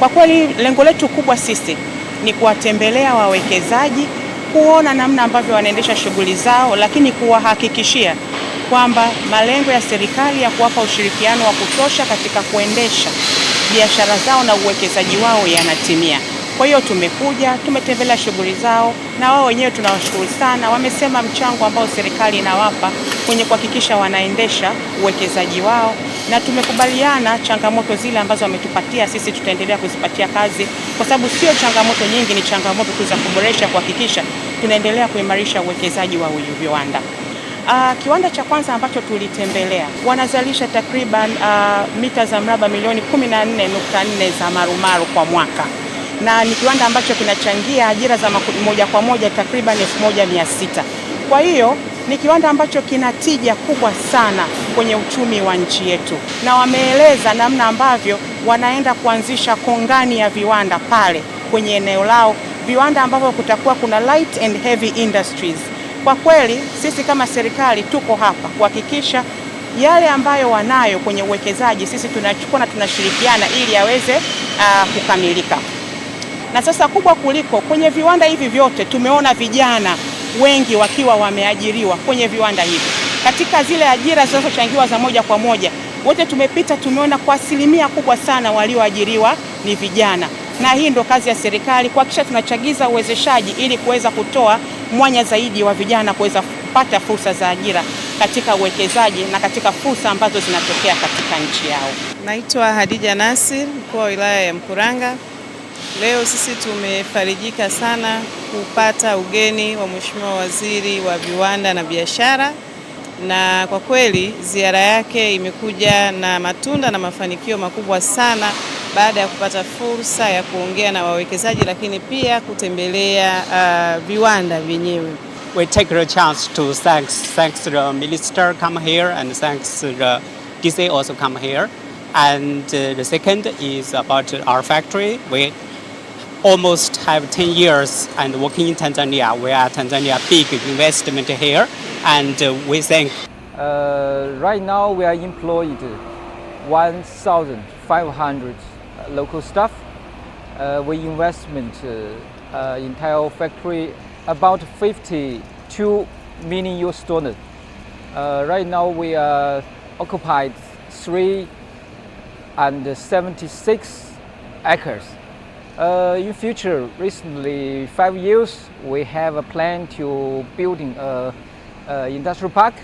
Kwa kweli lengo letu kubwa sisi ni kuwatembelea wawekezaji, kuona namna ambavyo wanaendesha shughuli zao, lakini kuwahakikishia kwamba malengo ya serikali ya kuwapa ushirikiano wa kutosha katika kuendesha biashara zao na uwekezaji wao yanatimia. Kwa hiyo tumekuja tumetembelea shughuli zao, na wao wenyewe tunawashukuru sana, wamesema mchango ambao serikali inawapa kwenye kuhakikisha wanaendesha uwekezaji wao na tumekubaliana changamoto zile ambazo wametupatia sisi, tutaendelea kuzipatia kazi, kwa sababu sio changamoto nyingi, ni changamoto tu za kuboresha, kuhakikisha tunaendelea kuimarisha uwekezaji wa huyu viwanda. Uh, kiwanda cha kwanza ambacho tulitembelea wanazalisha takriban uh, mita za mraba milioni 14.4 za marumaru kwa mwaka na ni kiwanda ambacho kinachangia ajira za moja kwa moja takriban 1600. Kwa hiyo ni kiwanda ambacho kina tija kubwa sana kwenye uchumi wa nchi yetu, na wameeleza namna ambavyo wanaenda kuanzisha kongani ya viwanda pale kwenye eneo lao, viwanda ambavyo kutakuwa kuna light and heavy industries. Kwa kweli sisi kama serikali tuko hapa kuhakikisha yale ambayo wanayo kwenye uwekezaji sisi tunachukua na tunashirikiana ili yaweze uh, kukamilika. Na sasa kubwa kuliko kwenye viwanda hivi vyote tumeona vijana wengi wakiwa wameajiriwa kwenye viwanda hivi. Katika zile ajira zinazochangiwa za moja kwa moja, wote tumepita, tumeona kwa asilimia kubwa sana walioajiriwa ni vijana, na hii ndo kazi ya serikali kuhakikisha tunachagiza uwezeshaji ili kuweza kutoa mwanya zaidi wa vijana kuweza kupata fursa za ajira katika uwekezaji na katika fursa ambazo zinatokea katika nchi yao. Naitwa Hadija Nasir, mkuu wa wilaya ya Mkuranga. Leo sisi tumefarijika sana kupata ugeni wa Mheshimiwa Waziri wa Viwanda na Biashara, na kwa kweli ziara yake imekuja na matunda na mafanikio makubwa sana baada ya kupata fursa ya kuongea na wawekezaji, lakini pia kutembelea uh, viwanda vyenyewe. We take the chance to thanks, thanks to the minister come here and thanks to the DC also come here and uh, the second is about our factory. We almost have 10 years and working in Tanzania. We are Tanzania big investment here, and uh, we think. Uh, right now, we are employed 1,500 local staff. Uh, we investment in uh, uh, tile factory about 52 million US dollars. Uh, right now, we are occupied three and 76 acres. Uh, in future, recently five years, we have a plan to building a, a industrial park